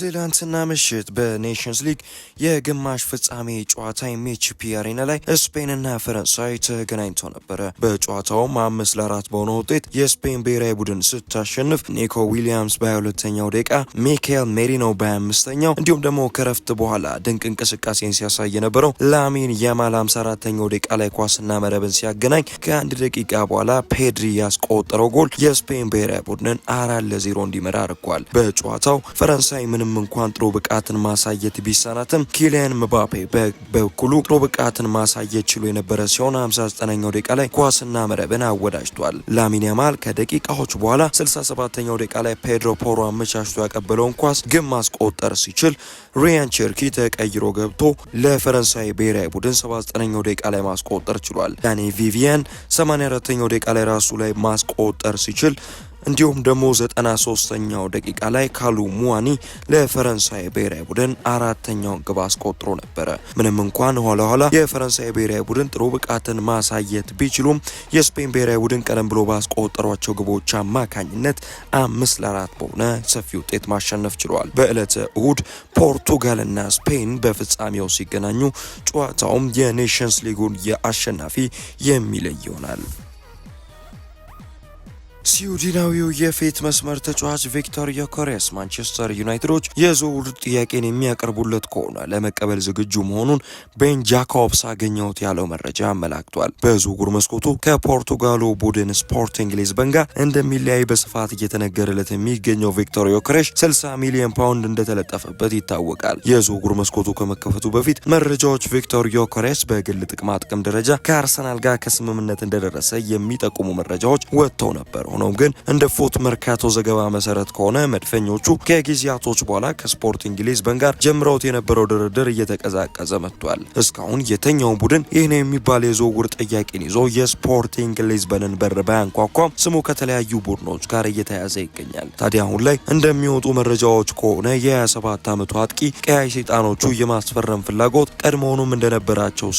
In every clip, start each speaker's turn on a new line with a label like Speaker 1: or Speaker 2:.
Speaker 1: ትላንትና ምሽት በኔሽንስ ሊግ የግማሽ ፍጻሜ ጨዋታ የሜችፒ አሬና ላይ ስፔንና ፈረንሳይ ተገናኝተው ነበረ። በጨዋታውም አምስት ለአራት በሆነ ውጤት የስፔን ብሔራዊ ቡድን ስታሸንፍ ኒኮ ዊሊያምስ በ22ኛው ደቂቃ፣ ሚካኤል ሜሪኖ በ25ኛው እንዲሁም ደግሞ ከረፍት በኋላ ድንቅ እንቅስቃሴን ሲያሳይ የነበረው ላሚን የማል 54ኛው ደቂቃ ላይ ኳስና መረብን ሲያገናኝ ከአንድ ደቂቃ በኋላ ፔድሪ ያስቆጠረው ጎል የስፔን ብሔራዊ ቡድንን አራት ለዜሮ እንዲመራ አድርጓል። በጨዋታው ፈረንሳይ ምንም ምንም እንኳን ጥሩ ብቃትን ማሳየት ቢሳናትም ኪሊያን ምባፔ በበኩሉ ጥሩ ብቃትን ማሳየት ችሎ የነበረ ሲሆን 59ኛው ደቂቃ ላይ ኳስና መረብን አወዳጅቷል። ላሚን ያማል ከደቂቃዎች በኋላ 67ኛው ደቂቃ ላይ ፔድሮ ፖሮ አመቻችቶ ያቀበለውን ኳስ ግን ማስቆጠር ሲችል ሪያን ቸርኪ ተቀይሮ ገብቶ ለፈረንሳይ ብሔራዊ ቡድን 79ኛው ደቂቃ ላይ ማስቆጠር ችሏል። ዳኒ ቪቪያን 84ኛው ደቂቃ ላይ ራሱ ላይ ማስቆጠር ሲችል እንዲሁም ደግሞ 93ኛው ደቂቃ ላይ ካሉ ሙዋኒ ለፈረንሳይ ብሔራዊ ቡድን አራተኛውን ግብ አስቆጥሮ ነበረ። ምንም እንኳን ኋላ ኋላ የፈረንሳይ ብሔራዊ ቡድን ጥሩ ብቃትን ማሳየት ቢችሉም የስፔን ብሔራዊ ቡድን ቀደም ብሎ ባስቆጠሯቸው ግቦች አማካኝነት አምስት ለአራት በሆነ ሰፊ ውጤት ማሸነፍ ችሏል። በዕለተ እሁድ ፖርቱጋልና ስፔን በፍጻሜው ሲገናኙ ጨዋታውም የኔሽንስ ሊጉን የአሸናፊ የሚለይ ይሆናል። ስዊድናዊው የፊት መስመር ተጫዋች ቪክቶር ዮከሬስ ማንቸስተር ዩናይትዶች የዝውውር ጥያቄን የሚያቀርቡለት ከሆነ ለመቀበል ዝግጁ መሆኑን ቤን ጃኮብስ አገኘሁት ያለው መረጃ አመላክቷል። በዝውውር መስኮቱ ከፖርቱጋሉ ቡድን ስፖርቲንግ ሊዝበን ጋር እንደሚለያይ በስፋት እየተነገረለት የሚገኘው ቪክቶር ዮከሬስ 60 ሚሊዮን ፓውንድ እንደተለጠፈበት ይታወቃል። የዝውውር መስኮቱ ከመከፈቱ በፊት መረጃዎች ቪክቶር ዮከሬስ በግል ጥቅማ ጥቅም ደረጃ ከአርሰናል ጋር ከስምምነት እንደደረሰ የሚጠቁሙ መረጃዎች ወጥተው ነበሩ። ሆኖም ግን እንደ ፉት መርካቶ ዘገባ መሰረት ከሆነ መድፈኞቹ ከጊዜያቶች በኋላ ከስፖርቲንግ ሊዝበን ጋር ጀምረውት የነበረው ድርድር እየተቀዛቀዘ መጥቷል። እስካሁን የተኛውን ቡድን ይህን የሚባል የዝውውር ጥያቄን ይዞ የስፖርቲንግ ሊዝበንን በር ባያንኳኳም ስሙ ከተለያዩ ቡድኖች ጋር እየተያዘ ይገኛል። ታዲያ አሁን ላይ እንደሚወጡ መረጃዎች ከሆነ የ27 ዓመቱ አጥቂ ቀያይ ሰይጣኖቹ የማስፈረም ፍላጎት ቀድሞውኑም እንደነበራቸው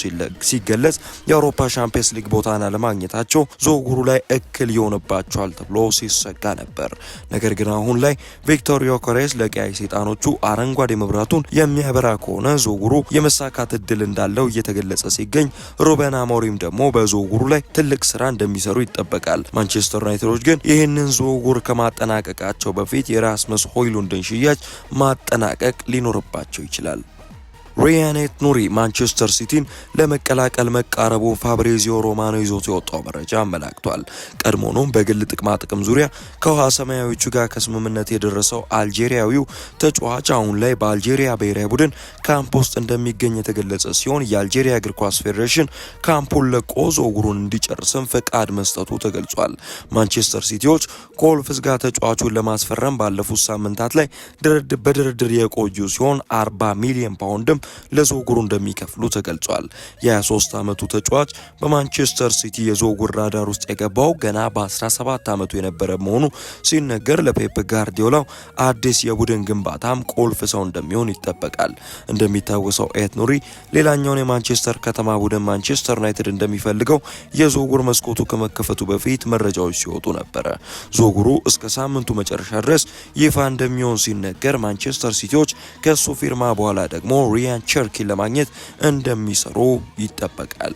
Speaker 1: ሲገለጽ የአውሮፓ ሻምፒየንስ ሊግ ቦታን አለማግኘታቸው ዝውውሩ ላይ እክል የሆነባቸው ይኖራቸዋል ተብሎ ሲሰጋ ነበር። ነገር ግን አሁን ላይ ቪክቶር ዮከሬስ ለቀያይ ሰይጣኖቹ አረንጓዴ መብራቱን የሚያበራ ከሆነ ዝውውሩ የመሳካት እድል እንዳለው እየተገለጸ ሲገኝ ሩበን አሞሪም ደግሞ በዝውውሩ ላይ ትልቅ ስራ እንደሚሰሩ ይጠበቃል። ማንቸስተር ዩናይትዶች ግን ይህንን ዝውውር ከማጠናቀቃቸው በፊት የራስመስ ሆይሉንድን ሽያጭ ማጠናቀቅ ሊኖርባቸው ይችላል። ሪያኔት ኑሪ ማንቸስተር ሲቲን ለመቀላቀል መቃረቡ ፋብሬዚዮ ሮማኖ ይዞት የወጣው መረጃ አመላክቷል። ቀድሞውኑም በግል ጥቅማ ጥቅም ዙሪያ ከውሃ ሰማያዊዎቹ ጋር ከስምምነት የደረሰው አልጄሪያዊው ተጫዋች አሁን ላይ በአልጄሪያ ብሔራዊ ቡድን ካምፕ ውስጥ እንደሚገኝ የተገለጸ ሲሆን የአልጄሪያ እግር ኳስ ፌዴሬሽን ካምፑን ለቆ ዝውውሩን እንዲጨርስም ፈቃድ መስጠቱ ተገልጿል። ማንቸስተር ሲቲዎች ከወልቭስ ጋር ተጫዋቹን ለማስፈረም ባለፉት ሳምንታት ላይ በድርድር የቆዩ ሲሆን 40 ሚሊዮን ፓውንድም ለዝውውሩ እንደሚከፍሉ ተገልጿል። የ23 ዓመቱ ተጫዋች በማንቸስተር ሲቲ የዝውውር ራዳር ውስጥ የገባው ገና በ17 ዓመቱ የነበረ መሆኑ ሲነገር ለፔፕ ጋርዲዮላው አዲስ የቡድን ግንባታም ቁልፍ ሰው እንደሚሆን ይጠበቃል። እንደሚታወሰው ኤት ኑሪ ሌላኛውን የማንቸስተር ከተማ ቡድን ማንቸስተር ዩናይትድ እንደሚፈልገው የዝውውር መስኮቱ ከመከፈቱ በፊት መረጃዎች ሲወጡ ነበረ። ዝውውሩ እስከ ሳምንቱ መጨረሻ ድረስ ይፋ እንደሚሆን ሲነገር ማንቸስተር ሲቲዎች ከእሱ ፊርማ በኋላ ደግሞ ሪያ ሪያን ቸርኪን ለማግኘት እንደሚሰሩ ይጠበቃል።